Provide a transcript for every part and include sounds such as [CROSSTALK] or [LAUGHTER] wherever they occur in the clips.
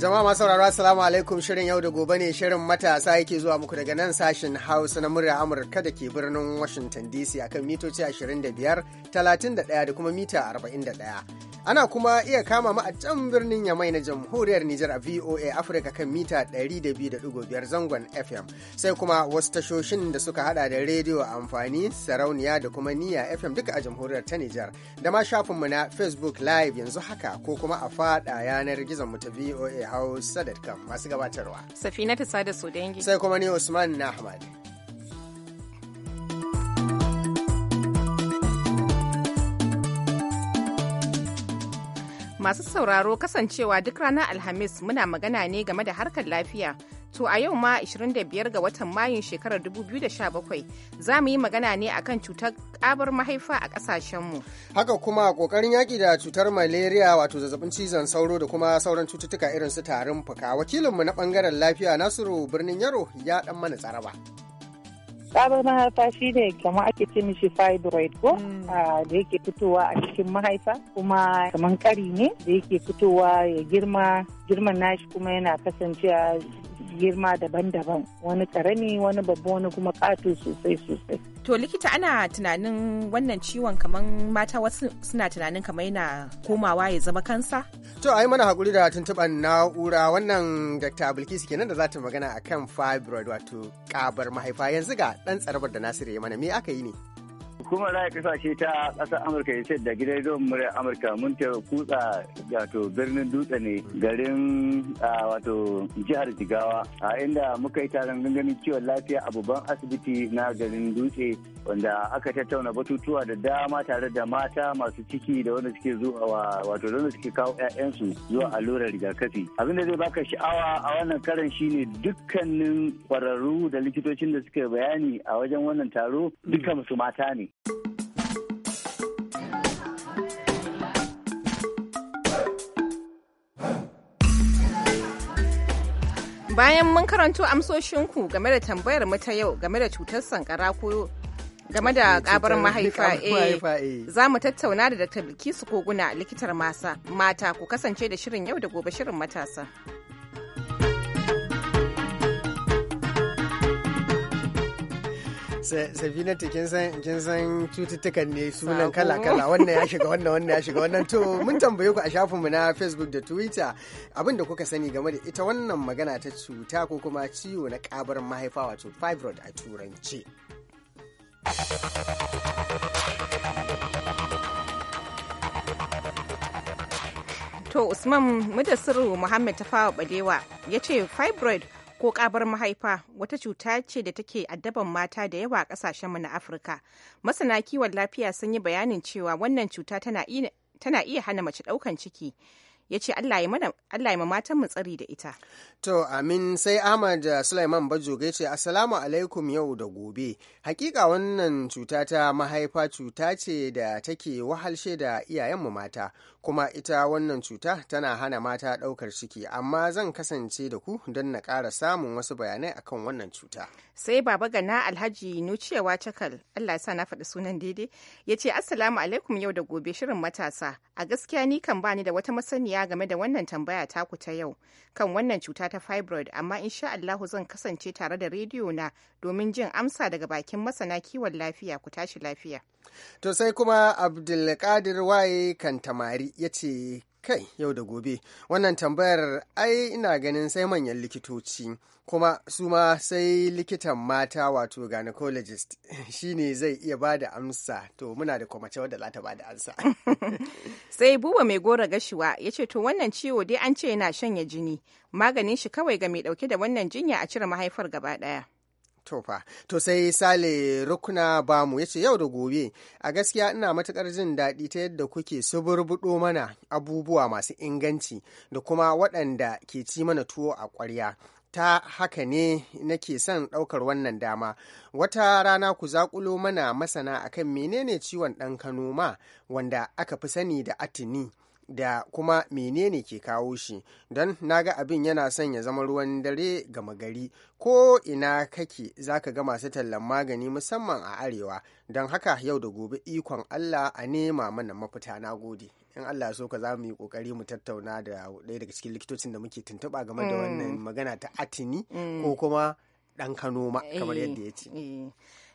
Jama'a masu sauraro Assalamu alaikum shirin yau da gobe ne shirin matasa yake zuwa muku daga nan sashen Hausa na murya Amurka da ke birnin Washington DC akan mitoci 25, 31 da kuma mita 41. Ana kuma iya kama mu a can birnin Yamai na jamhuriyar Nijar a VOA Africa kan mita 200.5 zangon FM. Sai kuma wasu tashoshin da suka hada da rediyo amfani, sarauniya da kuma niya FM duka a jamhuriyar ta Nijar. Da ma shafinmu na Facebook Live yanzu haka ko kuma a fada yanar gizon mu ta VOA Hausa.com masu gabatarwa. Safina ta sada dangi. Sai kuma ni Usman Ahmad. Masu sauraro kasancewa duk ranar Alhamis muna magana ne game da harkar lafiya. To a yau ma 25 ga watan Mayun shekarar 2017 za mu yi magana ne akan cutar kabar mahaifa a kasashenmu. Haka kuma kokarin yaki da cutar malaria wato zazzabin cizon sauro da kuma sauran cututtuka irin su tarin fuka. Wakilinmu na bangaren lafiya Nasiru Birnin Yaro ya dan mana tsaraba. tsabar mahaifa shi ne kamar ake ce mishi fibroid ko mm. ah, da yake fitowa a cikin mahaifa kuma kamar kari ne da yake fitowa ya girma girman nashi kuma yana kasancewa girma daban-daban wani karami wani babba wani kuma katu sosai sosai to likita ana tunanin wannan ciwon kamar mata wasu suna tunanin kamar yana komawa ya zama kansa to ai mana hakuri da tuntuɓar na'ura wannan dr bilkisu kenan da za ta magana akan fibroid wato ƙabar mahaifa yanzu ga ɗan tsarabar da nasiru ya mana me aka yi ne kuma hukumar raya kasashe ta ƙasar amurka ya ce da gidan zuwan murar amurka mun ta kutsa wato birnin dutse ne garin wato jihar jigawa a inda muka yi taron ganganin kiwon lafiya a babban asibiti na garin dutse wanda aka tattauna batutuwa da dama tare da mata masu ciki da wanda suke zuwa wato da wanda suke kawo 'ya'yansu zuwa allurar rigakafi abin da zai baka sha'awa a wannan karan shine dukkanin kwararru da likitocin da suke bayani a wajen wannan taro duka mm. su mata ne. Bayan mun karanto amsoshinku game da tambayar mu ta yau game da cutar sankara ko game da eh, kabarin mahaifa eh, eh. za mu tattauna da Dr. Bilkisu Koguna likitar masa mata ku kasance da shirin yau da gobe shirin matasa. safina ta kin san kin san cututtukan ne sunan kala kala wannan ya shiga wannan wannan ya shiga wannan to mun tambaye ku a shafin mu na Facebook da Twitter abin da kuka sani game da ita wannan magana ta cuta ko kuma ciwo na kabar mahaifa wato fibroid a turanci To Usman Mudassiru Muhammad Tafawa Balewa ya ce fibroid ko kabar mahaifa wata cuta ce da take addaban mata da yawa a kasashenmu na Afirka. Masana kiwon lafiya sun yi bayanin cewa wannan cuta tana iya hana mace ɗaukan ciki ya ce Allah ya ma matan mu tsari da ita. To amin sai Ahmad eh, Sulaiman bajo ga ce Assalamu alaikum yau da gobe. Hakika wannan cuta ta mahaifa cuta ce da take wahalshe da iyayenmu mata kuma ita wannan cuta tana hana mata ɗaukar ciki amma zan kasance da ku don na ƙara samun wasu bayanai akan wannan cuta. Sai Baba Gana Alhaji Nuciyawa Cakal Allah ya sa na faɗi sunan daidai ya ce Assalamu alaikum yau da gobe shirin matasa a gaskiya ni kan bani da wata masaniya matashiya game da wannan tambaya taku ta yau kan wannan cuta ta fibroid amma insha Allahu zan kasance tare da rediyo na domin jin amsa daga bakin masana kiwon lafiya ku tashi lafiya. To sai kuma Abdulkadir Waye kan tamari ya ce kai yau da gobe wannan tambayar ai ina ganin sai manyan likitoci kuma su ma sai likitan mata wato gynecologist [LAUGHS] shine zai iya ba da amsa to muna da kwamace wadda za ta ba da amsa [LAUGHS] sai buba mai gora gashiwa ya ce to wannan ciwo dai an ce yana shanya jini maganin shi kawai ga mai dauke da wannan jinya a cire mahaifar gaba daya tofa to sai sale rukuna bamu ya ce yau da gobe a gaskiya ina matukar jin daɗi ta yadda kuke suburbuɗo mana abubuwa masu inganci da kuma waɗanda ke ci mana tuwo a ƙwarya ta haka ne nake son ɗaukar wannan dama wata rana ku zaƙulo mana masana akan menene ciwon ɗan kano ma wanda aka fi sani da atini da kuma menene ke kawo shi don naga abin yana sanya zama ruwan dare gama gari ko ina kake zaka ga masu tallan magani musamman a arewa don haka yau da gobe ikon allah a nema mana mafita na gode in allah so ka za mu yi kokari mu tattauna da ɗaya daga cikin likitocin da muke tuntuɓa game da mm. wannan magana ta atini mm. ko kuma ɗan kamar eh, yadda ya ce eh.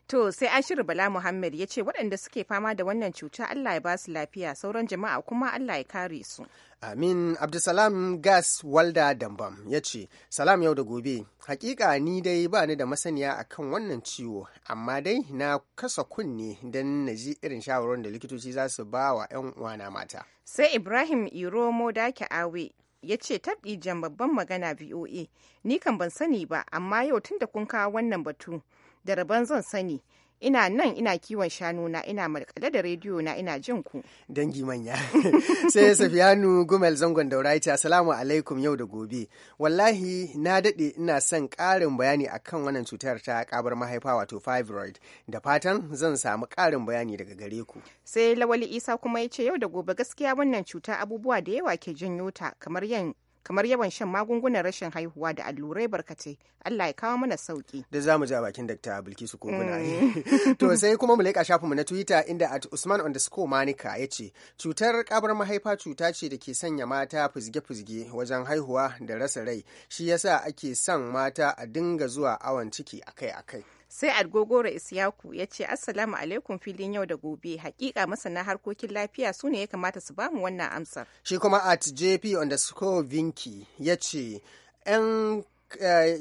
To sai Ashiru Bala Muhammad ya ce waɗanda suke fama da wannan cuta Allah ya ba su lafiya sauran jama'a kuma Allah ya kare su. Amin Abdulsalam Gas Walda Dambam ya ce, Salam yau da gobe, hakika ni dai ba ni da masaniya akan wannan ciwo, amma dai na kasa kunne don na ji irin shawarwarin da likitoci za su ba wa 'yan uwana mata. Sai Ibrahim Iromo Dake Awe ya ce tabbi jan babban magana VOA, ni kan ban sani ba, amma yau tun da kun kawo wannan batu. da rabon zan sani ina nan ina kiwon shanu na ina malkale da rediyo na ina jin ku dangi manya [LAUGHS] sai safiyanu gumel zangon daura ya ce alaikum yau da gobe wallahi na dade ina son karin bayani akan wannan cutar ta kabar mahaifa wato fibroid da fatan zan samu karin bayani daga gare ku sai lawali isa kuma ya ce yau da gobe gaskiya wannan cuta abubuwa da yawa ke janyo ta kamar yan kamar yawan shan magungunan rashin haihuwa da allurai barkatai Allah ya kawo mana sauki da zamu ji a bakin Dr. Bilkisu Koguna mm. [LAUGHS] to sai kuma mu leƙa shafinmu na Twitter inda at Usman underscore Manika ya ce cutar kabar mahaifa cuta ce da ke sanya mata fizge-fizge wajen haihuwa da rasa rai shi yasa ake son mata a dinga zuwa awon ciki akai-akai sai adgogora isiyaku ya ce assalamu alaikum filin yau da gobe hakika masana harkokin lafiya su ne ya kamata su bamu wannan amsar shi kuma at jp underscore vinki ya ce eh,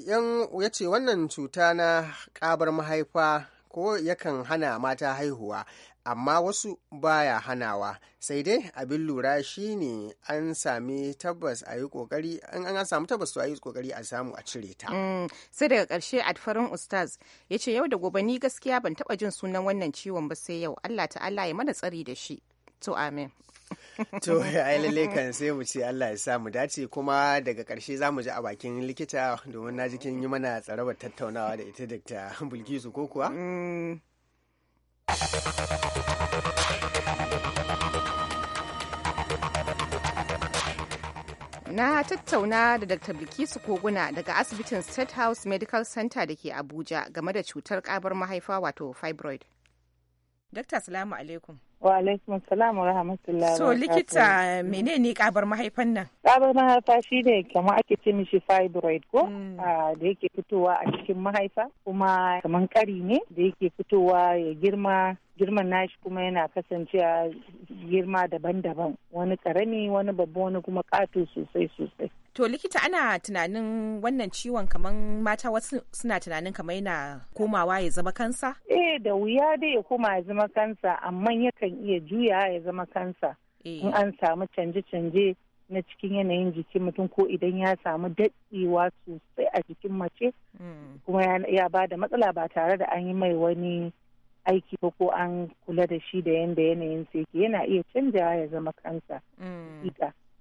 ya ce wannan cuta na kabar mahaifa ko yakan hana mata haihuwa amma wasu baya hanawa sai dai abin lura shine an sami tabbas a yi kokari an samu tabbas to a yi kokari a samu a cire ta mm, sai daga karshe adfarin ustaz ya ce yau da gobe ni gaskiya ban taba jin sunan wannan ciwon ba sai yau allah ta'ala ya mana tsari da shi to amin [LAUGHS] to ai lalle kan sai mu ce Allah ya sa mu dace kuma daga karshe za mu ji a bakin likita domin na ji kin yi mana tsarabar tattaunawa da ita Dr. Bulkisu ko kuwa? Mm. na tattauna da dr bilkisu koguna daga asibitin state house medical center da ke abuja game da cutar ƙabar mahaifa wato fibroid dr salamu alaikum Wa alaikum salam wa So likita menene kabar mahaifan nan? Kabar mahaifa shine kamar ake ce mishi fibroid ko mm. ah, da yake fitowa a cikin mahaifa kuma kamar kari ne da yake fitowa ya girma girman nashi kuma yana kasancewa girma daban-daban wani karami wani babba wani kuma katu sosai sosai. To likita ana tunanin wannan ciwon kamar mata wasu suna tunanin kamar yana komawa ya zama kansa? Eh da wuya dai ya koma ya zama kansa amma yakan yakan iya juya ya zama kansa eh. in an samu canje-canje na cikin yanayin jikin mutum ko idan ya samu daɗewa sosai a jikin mace hmm. kuma ya ba da matsala ba tare da an yi mai wani aiki ba ko an kula da shi da yanda yanayin sa yake yana iya canjawa ya zama kansa hmm.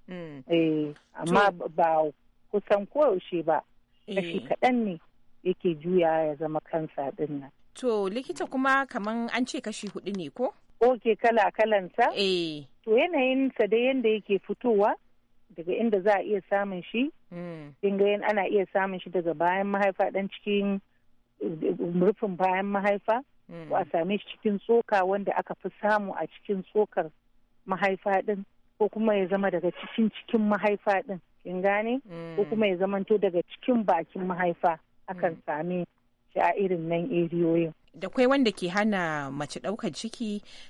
Hmm. Eh, amma ba kusan koyaushe ba kashi eh. kaɗan ne yake juya ya zama kansa ɗin to likita kuma kaman an ce kashi hudu ne ko oke kala kalansa eh. to yanayin sa dai yanda yake fitowa daga inda za a iya samun shi dingayen hmm. ana iya samun shi daga bayan mahaifa dan cikin rufin bayan mahaifa hmm. ko a same shi cikin tsoka wanda aka fi samu a cikin tsokar mahaifa din ko kuma ya zama daga cikin cikin mahaifa din kin gane hmm. ko kuma ya zamanto daga cikin bakin mahaifa akan same shi a irin nan eriyoyin da kwai wanda ke hana mace daukar ciki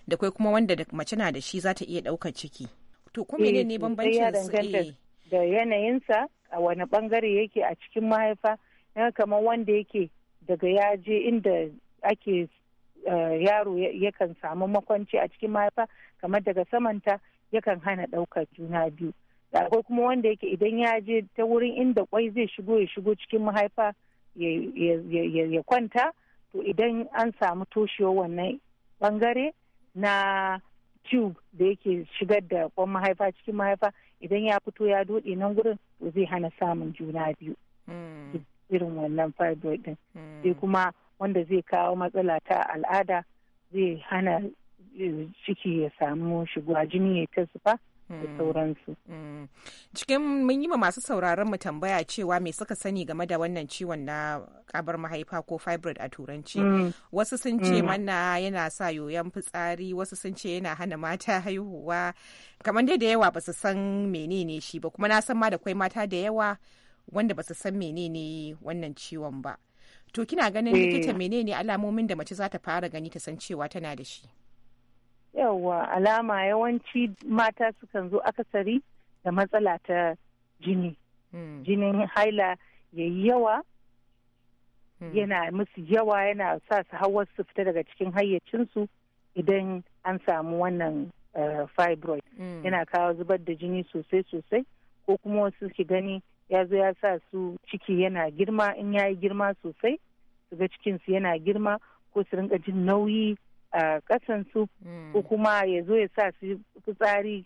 da kwai kuma wanda mace na da shi za ta iya daukar ciki to kuma ne ne eh, bambancin su eh. da yanayinsa a wani bangare yake a cikin mahaifa ya kamar wanda yake daga ya je inda ake eh, yaro yakan samu makwanci a cikin mahaifa kamar daga samanta yakan hana daukar juna biyu akwai kuma wanda yake idan ya je ta wurin inda kwai zai shigo ya shigo cikin mahaifa ya kwanta to idan an samu toshewar wannan bangare na tube da yake shigar da kwan mahaifa cikin mahaifa idan ya fito ya dode nan gurin to zai hana samun juna biyu hmm. irin wannan fibroid din hmm. sai kuma wanda zai kawo matsala ta al'ada zai hana eh, ciki ya samu shigwa jini ya ta zufa da mm. sauransu. Mm. Cikin mun yi ma masu sauraron mu tambaya cewa me suka sani game da wannan ciwon na kabar mahaifa ko fibroid a turanci. Mm. Wasu sun ce mana yana sa yoyon fitsari, wasu sun ce yana hana mata [LAUGHS] haihuwa. Kamar dai da yawa ba su san menene shi ba, kuma na san ma da kwai mata da yawa wanda ba su san menene wannan ciwon ba. To kina ganin eh. likita menene alamomin da mace za ta fara gani ta san cewa tana da shi? yawa alama yawanci mata sukan zo akasari da matsala ta jini hmm. jinin haila ya yi yawa hmm. yana musu yawa yana sa su hawar su fita daga cikin hayyacinsu idan an samu wannan eh, fibroid hmm. yana kawo zubar da jini sosai sosai ko kuma wasu ki gani ya zo ya sa su ciki yana girma in ya yi girma sosai su ga cikinsu yana girma ko su rinka jin nauyi a kasansu mm. ko kuma ya zo ya sa su fitsari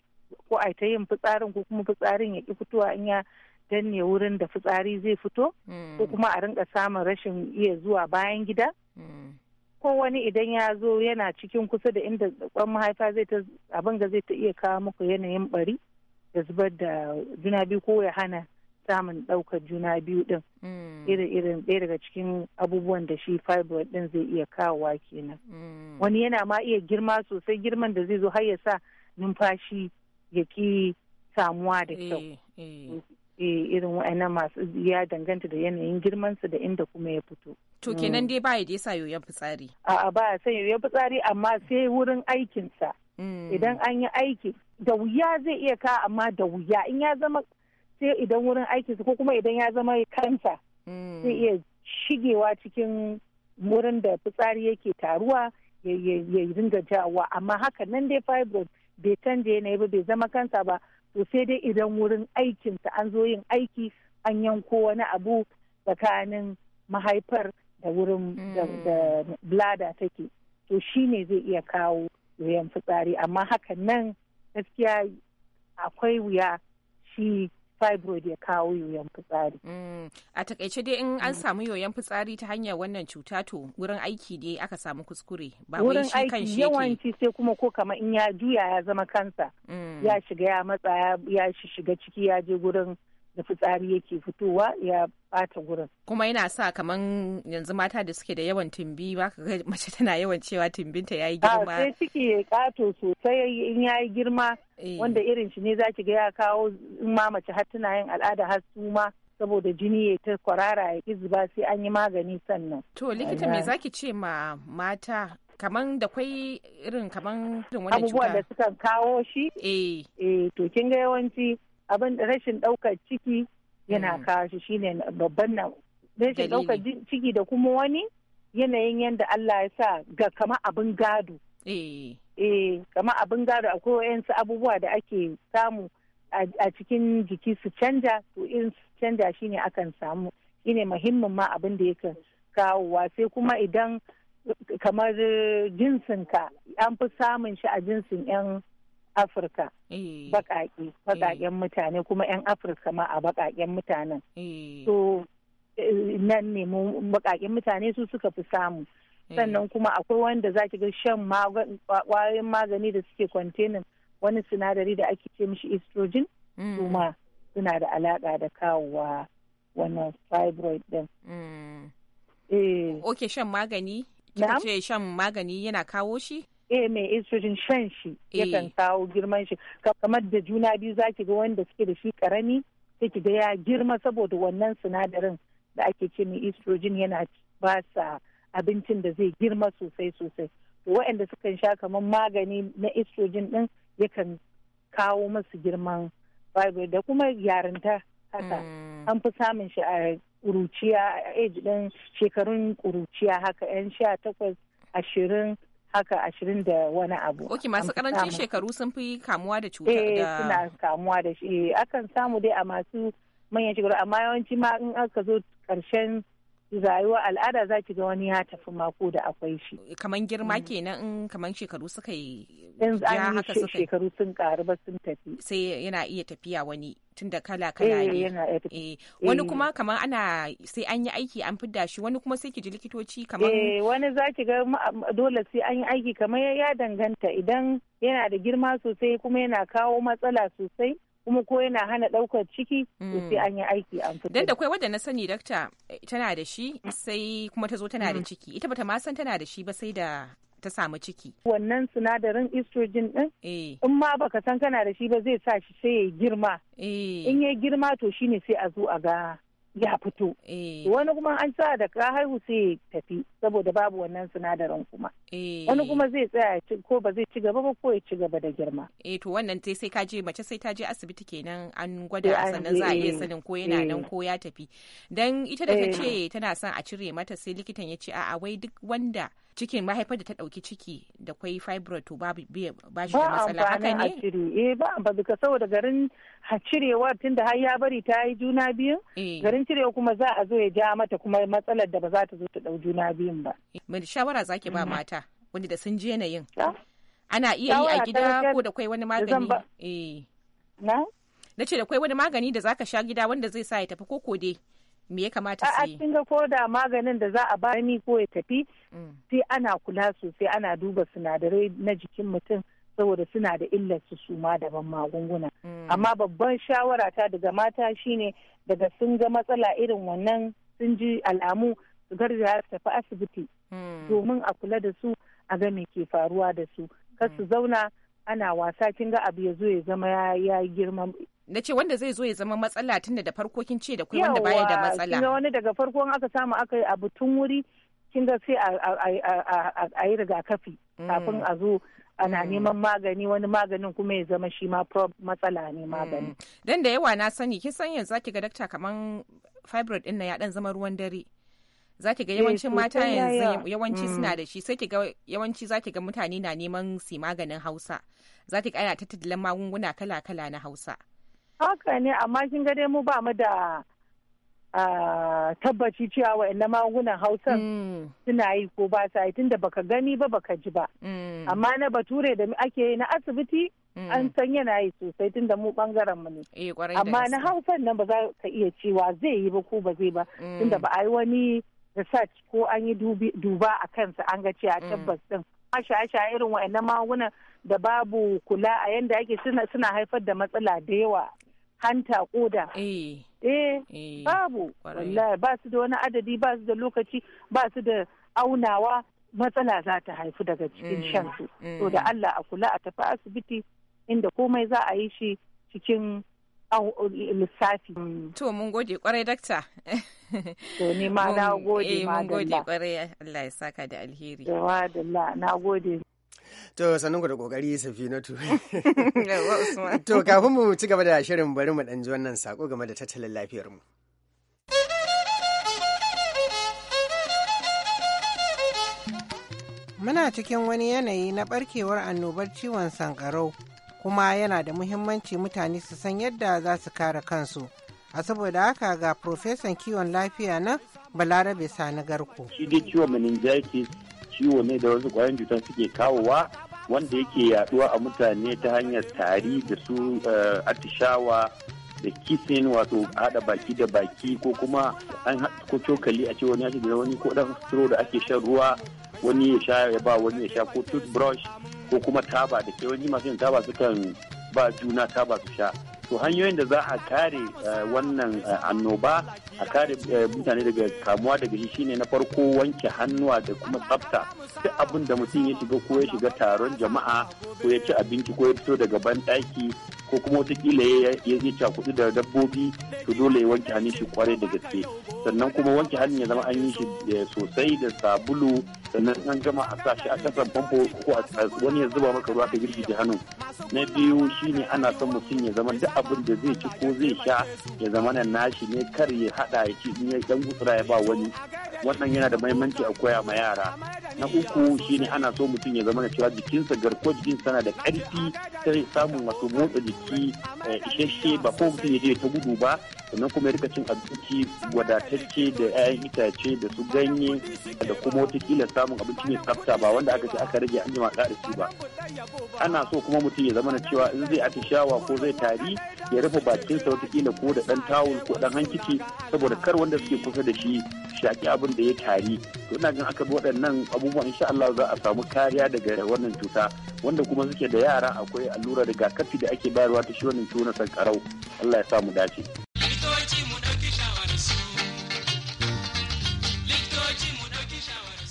ko a ta yin fitsarin ko kuma fitsarin ya ki fitowa in ya danne wurin da fitsari zai fito mm. ko kuma a rinka samun rashin iya zuwa bayan gida mm. ko wani idan ya zo yana cikin kusa da inda kwan mahaifa zai ta abin da zai ta iya kawo muku yanayin bari da zubar da juna biyu ko ya hana samun ɗaukar juna biyu ɗin mm. irin ɗaya daga cikin abubuwan da shi fibroid ɗin zai iya kawowa kenan mm. wani yana ma iya girma sosai girman da zai zo har ya sa numfashi ya ki samuwa da kyau eh, eh. Eh, irin wa'ana masu ya danganta da yanayin girmansa da inda kuma ya fito. To mm. kenan dai ba ya dai sa yoyon fitsari. a ba ya san yoyon fitsari amma sai wurin aikinsa. Idan an yi aiki da wuya zai iya ka amma da wuya in ya zama sai idan wurin aikinsa ko kuma idan ya zama kansa hmm. zai iya shigewa cikin wurin da fitsari yake taruwa ya dinga jawa amma haka nan dai fibroid bai canja yanayi ba bai zama kansa ba to sai dai idan wurin aikinsa an zo yin aiki an yanko wani abu tsakanin mahaifar da wurin da hmm. blada take to shi ne zai iya kawo yoyon fitsari amma haka nan gaskiya akwai wuya shi fibroid ya kawo yoyon fitsari. Mm. A takaice dai in an mm. samu yoyon fitsari ta hanyar wannan cuta to wurin aiki dai aka samu kuskure ba wai yawanci sai kuma ko kamar in ya juya ya zama kansa mm. ya shiga ya matsa ya shiga ciki ya je gurin da fitsari yake fitowa ya bata gurin. Kuma yana sa kaman yanzu mata da suke da yawan tumbi ba ka ga mace tana yawan cewa tumbinta yi girma. sai ciki ya kato sosai in ya yi girma eh. wanda irin shi ne zaki ga ya kawo in ma mace har tana yin al'ada har suma saboda jini ya ta kwarara ya zuba sai an yi magani sannan. To likita me zaki ce ma mata kaman da kwai irin kaman irin wani cuta. Abubuwan da sukan kawo shi? Eh. Eh to kin ga yawanci abin rashin ɗaukar ciki yana mm. kawo shi shine babban nan rashin ɗaukar ciki da kuma wani yanayin yadda Allah ya sa ga kama abin gado. Eh. eh, kama abin gado akwai wayansu abubuwa da ake samu a cikin jiki su canja to in canja shine akan samu shine muhimmin ma abin da yake kawowa sai kuma idan kamar jinsinka an fi samun shi a jinsin 'yan afirka eh. baƙaƙe baƙaƙen eh. mutane kuma 'yan afirka ma a baƙaƙen mutanen eh. to nan ne baƙaƙen mutane su suka fi samu sannan kuma akwai wanda za ga shan kwayoyin magani da suke kwantenin wani sinadari da ake ce mishi estrogen kuma mm. suna da alaƙa da kawowa wannan fibroid din. Mm. Oke shan magani? Kika ce shan magani yana kawo shi? a mai estrogen shan shi yakan kawo girman shi kamar da juna biyu zaki ga wanda suke da shi karami sai ki ga ya girma saboda wannan sinadarin da ake ce mai estrogen yana ba sa abincin da zai girma sosai sosai to waɗanda sukan sha kamar magani na estrogen din yakan kawo masu girman fibroid da kuma yarinta haka mm. an fi samun shi a kuruciya a age din shekarun kuruciya haka yan sha takwas ashirin haka ashirin da wani abu. Ok masu karancin shekaru sun fi kamuwa da cutar eh, da. Eh suna kamuwa da shi eh, akan samu dai a masu manyan shekaru amma yawanci ma in aka zo karshen rayuwa al'ada za ki ga wani ya tafi mako da akwai shi. Kaman girma mm. kenan in kaman shekaru suka yi ja haka suka yi. shekaru sun karu ba sun tafi. Sai yana iya tafiya wani tunda kala kala eh, ne. Eh, wani eh. kuma kaman ana sai an yi aiki an fidda shi wani kuma sai ki ji likitoci kaman. wani za ki ga dole sai an yi aiki kaman ya danganta idan yana da girma sosai kuma yana kawo matsala sosai. kuma ko yana hana ɗaukar ciki hmm. sai an yi aiki an fito. Dan da kai wadda na sani dakta eh, tana da shi hmm. sai kuma ta zo tana da hmm. ciki ita bata ma san tana da shi ba sai da ta samu ciki. Wannan sinadarin estrogen din eh. in ma baka san kana da shi ba zai sa shi sai ya girma. Eh. In ya girma to shine sai a zo a ga ya fito eh. wani kuma an sa da ka haihu sai tafi saboda babu wannan sinadarin kuma eh. wani kuma zai tsaya ko ba zai ci gaba ba ko ya ci gaba da girma eh to wannan sai sai ka je mace sai ta je asibiti kenan an gwada sannan za a iya eh. sanin ko yana nan ko ya tafi dan ita da ta ce tana son a cire mata sai likitan ya ce a'a wai duk wanda cikin mahaifar da ta ɗauki ciki da kwai fibroid to babu ba shi da matsala haka ne? Eh ba ba duka saboda garin cirewa tun da har ya bari ta yi juna biyun eh. garin cirewa kuma za a zo ya ja mata kuma matsalar da ba za ta zo ta ɗau juna biyun ba. Eh, mai shawara zaki ba mm. mata wanda da sun ji yanayin. Ana iya yi a gida ko da kwai wani magani. Eh. Na? ce da kwai wani magani da zaka sha gida wanda zai sa ya tafi koko dai. me ya kamata su yi? A cikin ko da maganin da za a bani ko ya tafi mm. sai ana kula sosai ana duba sinadarai na jikin mutum saboda suna da illar su suma daban magunguna. Mm. Amma babban shawara ta daga mata shine daga sun ga matsala irin wannan sun ji alamu su garzaya su tafi asibiti mm. domin a kula da su a ga me ke faruwa da su. Kar su zauna ana wasa kin ga abu ya zo ya zama ya girma na ce wanda zai zo ya zama matsala tun da farko kin ce da kai wanda baya da matsala yawa wani daga farko aka samu aka yi abu tun wuri kin ga sai a yi rigakafi mm. kafin a zo ana mm. neman magani wani maganin kuma ya zama shi ma matsala ne magani mm. dan da yawa na sani kin san yanzu zaki ga dakta kaman fibroid din na ya dan zama ruwan dare za ki ga eh, yawancin mata yanzu yawanci suna da shi sai ki ga yawanci za ga mutane na neman si maganin hausa zaki ki ga ana magunguna kala-kala na hausa haka ne amma kin ga dai mu ba mu da tabbaci cewa wa'annan magungunan hausan mm. suna yi ko ba sa yi tunda baka gani ba baka ji ba mm. amma na bature da ake yi na asibiti mm. an san yana yi sosai tunda mu bangaren mu ne eh, amma na hausa nan ba za ka iya cewa zai yi ba ko ba zai ba tunda ba a yi wani research ko an yi duba a kansa an ga cewa tabbas din shaye-shaye irin wa'annan magungunan da babu kula a yanda ake suna haifar da matsala da yawa hanta koda eh. Eh, eh babu wallahi ba su da wani adadi ba su da lokaci ba su da aunawa matsala za ta haifu daga cikin mm, shansu mm. to da Allah a kula a tafi asibiti inda komai za a yi shi cikin lissafi. To mun gode kwarai dakta. [LAUGHS] To ni ma na gode ma eh, Mun gode kwarai Allah ya saka da alheri. Yawa da na gode. To sannan ku da kokari Safinatu. [LAUGHS] To kafin mu ci gaba da shirin bari mu ɗan wannan saƙo, game da tattalin lafiyar Muna cikin wani yanayi na ɓarkewar annobar ciwon sankarau kuma yana da muhimmanci mutane su san yadda za su kare kansu. a saboda haka ga profesan kiwon lafiya na balarabe sani garko shi dai ciwon meningitis ciwo ne da wasu ƙwayan cutar suke kawowa wanda yake yaduwa a mutane ta hanyar tari da su eh, atishawa da kisin wato hada baki da baki ko kuma an ko cokali a ce wani ya da wani ko dan stro da ake shan ruwa wani ya sha ya ba wani ya sha ko toothbrush ko kuma taba da ke wani masu yin taba sukan ba juna taba su sha to hanyoyin da za a kare eh, wannan eh, annoba a kare eh, mutane daga kamuwa daga shi shine na farko wanke hannuwa da kuma tsafta duk abin da mutum ya shiga ko ya shiga taron jama'a ko ya ci abinci ko ya fito daga banɗaki ko kuma watakila ya je cakudu da dabbobi to dole ya wanke hannun shi kwarai da gaske sannan kuma wanke hannun ya zama an yi shi eh, sosai da sabulu sannan an gama a sa shi a kasan famfo ko wani ya zuba maka ruwa ka girki da hannu na biyu shine ana son mutum ya zama duk abin da zai ci ko zai sha ya zama na nashi ne kar ya faɗa ya ce in ya dan gutsura ya ba wani wannan yana da mahimmanci a koya ma yara na uku shine ana so mutum ya zama da cewa jikinsa garkuwar jikinsa sana da karfi ta samun wato motsa jiki eh, isasshe ba ko mutum ya je ta gudu ba sannan kuma ya rika cin abinci wadatacce da 'ya'yan itace da su ganye da kuma watakila samun abinci mai tsafta ba wanda aka ce aka rage an jima da su ba ana so kuma mutum ya zama na cewa in zai atishawa ko zai tari ya rufe bakinsa watakila ko da ɗan tawul ko ɗan hankici saboda kar wanda suke kusa da shi shaki abin da ya tari to ina gan aka bi waɗannan abubuwan insha Allah za a samu kariya daga wannan cuta wanda kuma suke da yara akwai allura rigakafi da ake bayarwa ta shi wannan ciwo na sankarau Allah ya sa mu dace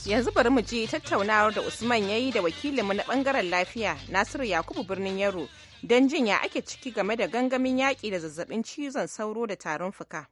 yanzu bari mu je tattaunawar da Usman ya yi da wakilinmu na bangaren lafiya Nasiru Yakubu birnin Yaro don jinya ya ake ciki game da gangamin yaƙi da zazzabin cizon sauro da tarin fuka.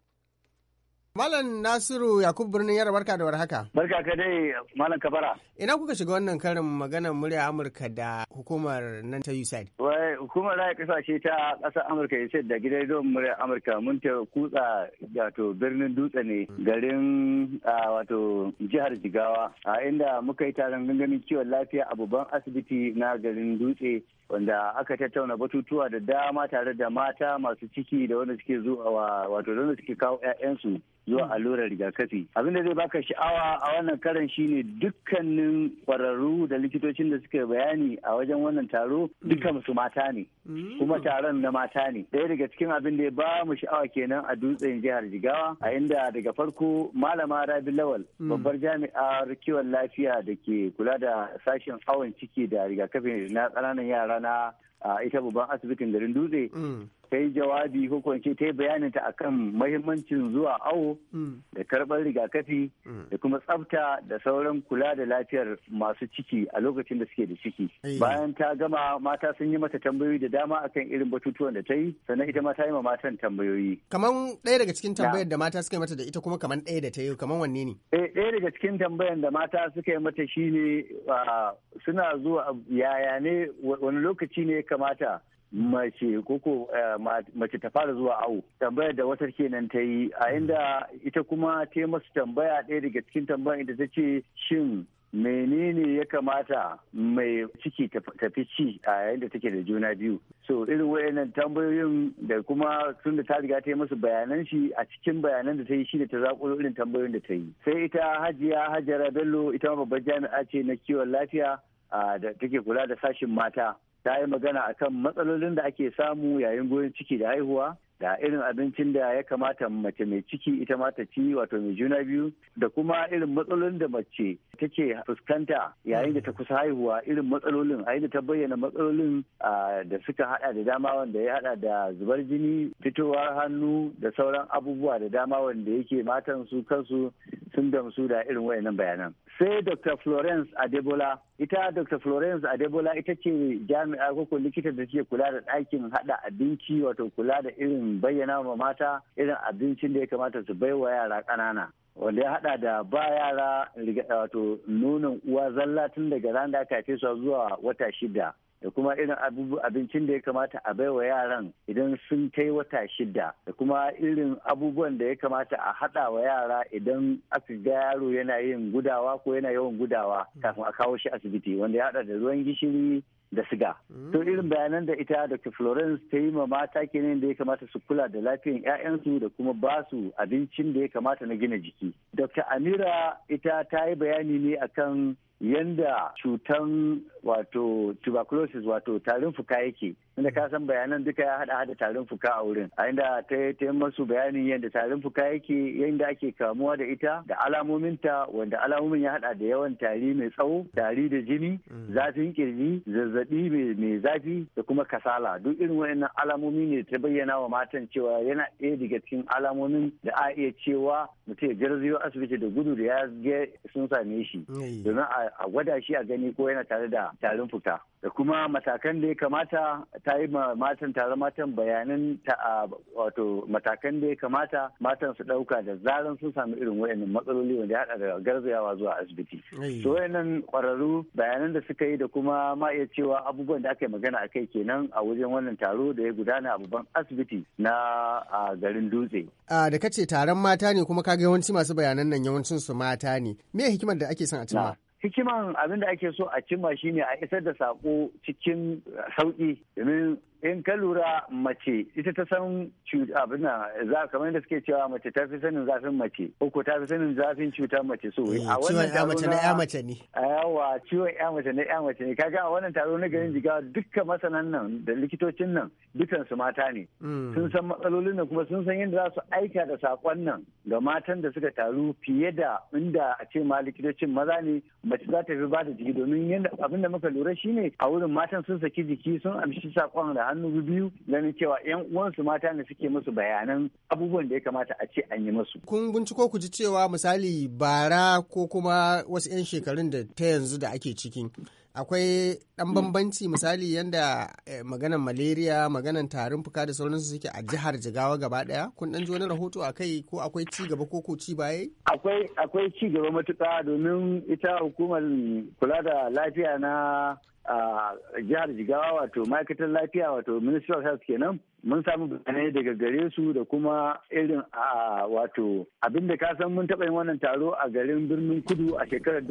Malam Nasiru Yakubu birnin Yara barka da warhaka. Barka ka dai Malam Kabara. Ina kuka shiga wannan karin maganar murya Amurka da hukumar nan ta USAID. Wai hukumar raya kasashe ta ƙasar Amurka USAID da gidan don murya Amurka mun ta kutsa wato birnin dutse ne garin wato jihar Jigawa a inda muka yi taron gangamin kiwon lafiya a babban asibiti na garin dutse wanda aka tattauna batutuwa da dama tare da mata masu ciki da wanda suke zuwa wato da wanda suke kawo 'ya'yansu zuwa allurar rigakafi abin da zai baka sha'awa a wannan karan shine dukkanin kwararru da likitocin da suke bayani a wajen wannan taro dukkan su mata ne kuma mm. taron na mata ne ɗaya daga cikin abin da ya ba mu sha'awa kenan a dutsen jihar jigawa a inda daga farko malama rabi lawal mm. babbar jami'ar kiwon lafiya da ke kula da sashen awon ciki da rigakafi na ƙananan yara na ita babban asibitin garin dutse mm. ta yi jawabi ko ta yi bayanin ta akan mahimmancin zuwa awo mm. da karɓar rigakafi mm. da kuma tsafta da sauran kula da lafiyar masu ciki a lokacin da suke da ciki bayan ta gama mata sun yi mata tambayoyi da dama akan irin batutuwan da ta yi sannan ita ma ta yi ma matan tambayoyi kaman ɗaya daga cikin tambayar da mata suka yi mata da ita kuma kaman ɗaya da ta yi kaman wanne ne eh ɗaya daga cikin tambayar da mata suka yi mata shine ah, suna zuwa yaya ne wani lokaci ne ya kamata mace ko eh, mace ta fara zuwa awo tambayar da wata kenan ta yi a inda ita kuma ta masu tambaya ɗaya daga cikin tambayar da ta ce shin menene ya kamata mai ciki tafi ci a yayin da take da juna biyu so irin wayannan tambayoyin da kuma sun da ta riga ta yi musu bayanan shi a cikin bayanan da ta yi shine ta zakulo irin tambayoyin da ta yi sai ita hajiya hajara bello ita ma babbar jami'a ce na kiwon lafiya da take kula da sashin mata ta yi magana a kan matsalolin da ake samu yayin goyon ciki da haihuwa da irin abincin da ya kamata mace mai ciki ita ma ci wato mai juna biyu da kuma irin matsalolin da mace take fuskanta yayin da ta kusa haihuwa irin matsalolin a da ta bayyana matsalolin da suka hada da dama wanda ya hada da zubar jini fitowar hannu da sauran abubuwa da dama wanda yake matan su kansu sun gamsu da irin wayannan bayanan sai dr florence adebola ita dr florence adebola ita ce jami'a ko likita da ke kula da ɗakin haɗa abinci wato kula da irin bayyana wa mata irin abincin da ya kamata su bai wa yara ƙanana wanda ya haɗa da ba yara wato nonon uwa zalla tun daga ran da aka su zuwa wata shida da kuma irin abincin da ya kamata a baiwa yaran idan sun kai wata shida da kuma irin abubuwan da ya kamata a haɗa wa yara idan aka ga yaro yana yin gudawa ko yana yawan gudawa mm. kafin a kawo shi asibiti wanda ya haɗa da ruwan gishiri da siga. Mm. To irin bayanan da ita Dr. Florence ta yi ma mata kenan da ya kamata su kula da lafiyan 'ya'yansu da kuma ba su abincin da ya kamata na gina jiki. Dr. Amira ita ta yi bayani ne akan yanda cutan wato tuberculosis wato tarin fuka yake inda ka san bayanan duka ya hada hada tarin fuka a wurin a inda ta ta masu bayanin yadda tarin fuka yake yadda ake kamuwa da ita da alamominta wanda alamomin ya hada da yawan tari mai tsawo tari da jini mm. zafin kirji zazzabi mai zafi da kuma kasala duk irin wayannan alamomi ne ta bayyana wa matan cewa yana ɗaya daga cikin alamomin da a iya cewa mutum ya jarzayo asibiti da gudu da ya sun same shi domin a gwada shi a gani ko yana tare da tarin fuka da kuma matakan da ya kamata ta yi matan tare matan bayanan ta wato matakan da ya kamata matan su ɗauka da zaran sun sami irin wayannan matsaloli wanda ya haɗa da garzayawa zuwa asibiti. So wayannan ƙwararru bayanan da suka yi da kuma ma iya cewa abubuwan da aka yi magana akai kenan a wajen wannan taro da ya gudana a babban asibiti na a garin Dutse. da kace taron mata ne kuma kaga yawanci masu bayanan nan yawancin su mata ne. Me hikimar da ake son a cimma? hikiman abin da ake so a cimma shine a isar da sako cikin sauki domin in ka lura mace ita ta san abin za kamar da suke cewa mace ta fi sanin zafin mace uku ta fi sanin zafin cutar mace so eh, a wannan taro na ya mace ne yawa ciwon ya mace na ya mace ne kaga a wannan taro na garin jigawa dukkan masanan nan da likitocin nan dukan su mata ne mm. sun san matsalolin nan kuma sun san yadda za su aika da sakon nan ga matan da suka taru fiye da inda a ce ma likitocin maza ne mace za ta fi ba da jiki domin yadda abin da muka lura shine a wurin matan sun saki jiki sun amshi sakon da hannu biyu ganin cewa yan uwansu mata ne suke musu bayanan abubuwan da ya kamata a ce an yi musu. Kun binciko ku ji cewa misali bara ko kuma wasu 'yan shekarun da ta yanzu da ake cikin. akwai ɗan bambanci misali yadda eh, maganan malaria maganan tarin fuka da sauransu suke a jihar jigawa gaba ɗaya kun ɗan ji wani rahoto a kai ko akwai ci gaba ko ko ci baya akwai akwai ci gaba matuƙa domin ita hukumar kula da lafiya na ah, jihar jigawa wato ma'aikatar lafiya wato ministry of health kenan mun samu bayanai daga gare su da kuma irin a wato abinda ka san mun taɓa yin wannan taro a garin birnin kudu a shekarar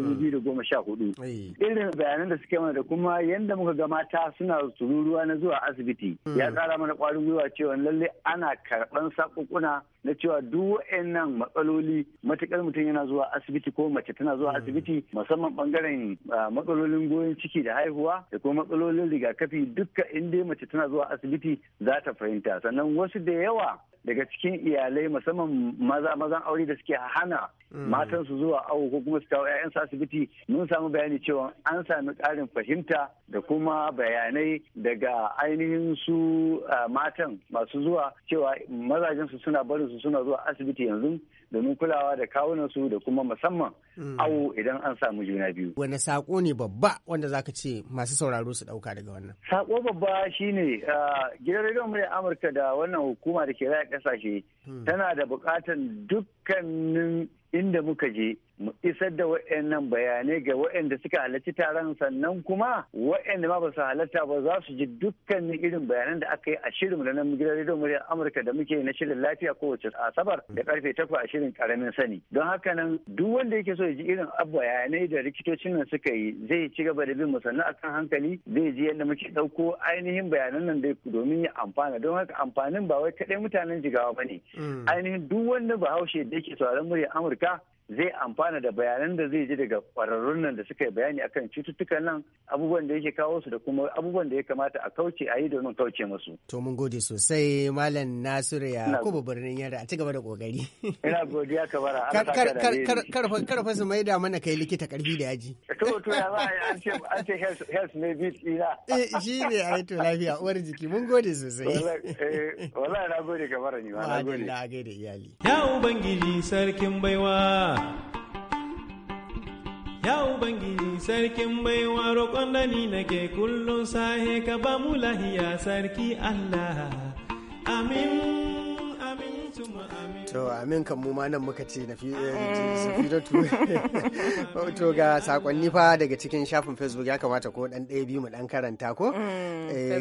sha hudu. Mm. irin bayanan da suke mana da kuma yadda muka ga mata suna sururuwa na zuwa asibiti mm. ya tsara mana ƙwarin gwiwa cewa lallai ana karɓan sakukuna na cewa duk wa'annan matsaloli matukar mutum yana zuwa asibiti ko mace tana zuwa hmm. asibiti musamman bangaren ah, matsalolin goyon ciki da haihuwa da kuma matsalolin rigakafi duka inda mace tana zuwa asibiti za ta fahimta sannan wasu da yawa daga cikin iyalai musamman maza mazan aure da suke hana hmm. matan su zuwa awo ko kuma su kawo su asibiti mun samu bayani cewa an sami ƙarin fahimta da kuma bayanai daga ainihin su ah, matan masu zuwa cewa mazajen su suna barin su su suna zuwa asibiti yanzu domin kulawa da kawunansu da kuma musamman mm. awo idan an samu juna biyu. Wane sako ne babba wanda zaka ce masu sauraro su ɗauka daga wannan? Sako babba shi ne gidan rediyon murya Amurka da wannan hukuma da ke raya ƙasashe mm. tana da bukatan dukkanin inda muka je mu isar da waɗannan bayanai ga waɗanda suka halarci taron sannan kuma waɗanda ma ba su halarta ba za su ji dukkanin irin bayanan da aka yi a shirin da nan gidan rediyo muryar Amurka da muke na shirin lafiya kowace asabar da karfe takwas a shirin karamin sani. Don haka nan duk wanda yake so ya ji irin bayanai da rikitocin nan suka yi zai ci gaba da bin mu sannan akan hankali zai ji yadda muke ɗauko ainihin bayanan nan dai domin ya amfana don haka amfanin ba wai kaɗai mutanen jigawa ba ne. Mm. Ainihin duk wanda bahaushe da yake sauraron muryar Amurka zai amfana da bayanan da zai ji daga kwararrun nan da suka yi bayani akan cututtukan nan abubuwan da yake kawo su da kuma abubuwan da ya kamata a kauce a yi domin kauce musu. To mun gode sosai Malam Nasiru ya kuma birnin yara a ci gaba da kokari. Ina godiya ka bara. Karfa su maida mana kai likita karfi da yaji. To to ya ba an ce an ce health ne be tsira. Eh shi ne a yi to lafiya uwar jiki mun gode sosai. Wallahi eh, na gode ka bara ni ma na gode. Na gaida iyali. Ya Ubangiji sarkin baiwa. Ya Ubangiji sarkin baiwa roƙon da ni nake kullum sahe ka ba mu lahiya sarki Allah. Amin. To amin kan mu ma nan muka ce na fi eh, eh. [LAUGHS] to ga sakonni fa daga cikin shafin Facebook ya kamata ko dan ɗaya biyu mu dan karanta ko mm, eh,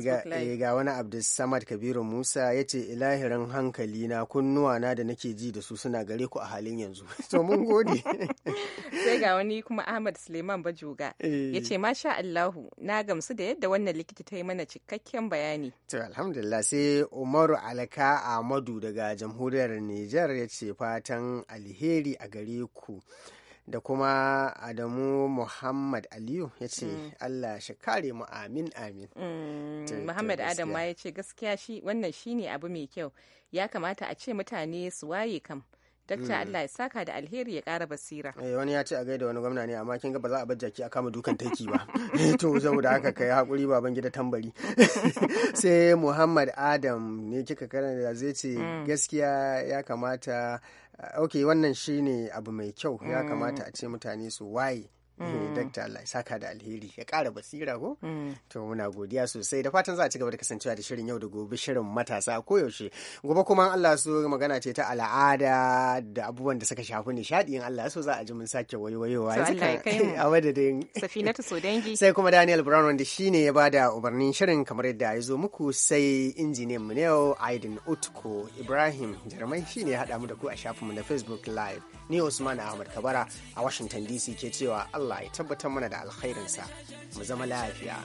ga wani Samad Kabiru Musa ya ce ilahirin hankali na kunnuwa na da nake ji da su suna gare ku a halin yanzu. [LAUGHS] To mun gode. [LAUGHS] Sai ga wani kuma Ahmad Suleiman Bajoga ya ce masha Allahu na gamsu da yadda wannan likita ta yi mana cikakken bayani. To alhamdulillah sai Umaru Alaka Ahmadu daga jamhuriyar jamhuriyar Nijar ya ce fatan alheri a gare ku. da kuma Adamu Muhammad Aliyu ya ce mm. Allah shi kare mu amin amin. Mm. Muhammad Adam ma ya ce gaskiya shi wannan shine abu mai kyau ya kamata a ce mutane su waye kam. dakta mm. Allah ya saka da alheri ya kara basira eh wani ya ce a gaida wani gwamna ne amma kin ga ba za a bar jaki a kama dukan taiki ba [LAUGHS] to saboda haka kai hakuri baban gida tambari [LAUGHS] sai Muhammad Adam ne kika karanta zai ce mm. gaskiya ya kamata ok wannan shine abu mai kyau ya mm. kamata a ce mutane su waye Eh, mm. Dakta Allah ya saka da alheri ya kara basira ko? Mm. To muna godiya sosai da fatan za a ci gaba da kasancewa da shirin yau da gobe shirin matasa ko yaushe Gobe kuma Allah so magana ce ta al'ada da abubuwan da suka shafi nishaɗi in Allah so za a ji mun sake wayoyowa. [LAUGHS] A madadin. [LAUGHS] Safinatu Sodangi. Sai kuma Daniel Brown wanda shine ya bada umarnin shirin kamar yadda ya zo muku sai injiniyan mu na Aidin Utko Ibrahim Jarmai shine ya haɗa mu da ku a shafinmu na Facebook Live. ni usman ahmad kabara a washington dc ke cewa allah ya tabbatar mana da alkhairinsa mu zama lafiya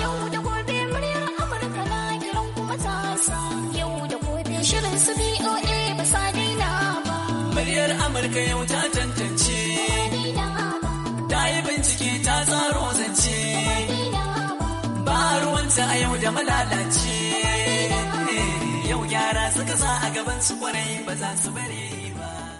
Yau da gobe muryar Amurka na kiran kuma ta yau da gobe shirin su BOA ba sa daina ba. Muryar Amurka yau ta tantance, ta yi bincike ta tsaro zance. ruwanta a yau da malalace eh, yau gyara suka sa a gaban su kwarai ba za su bari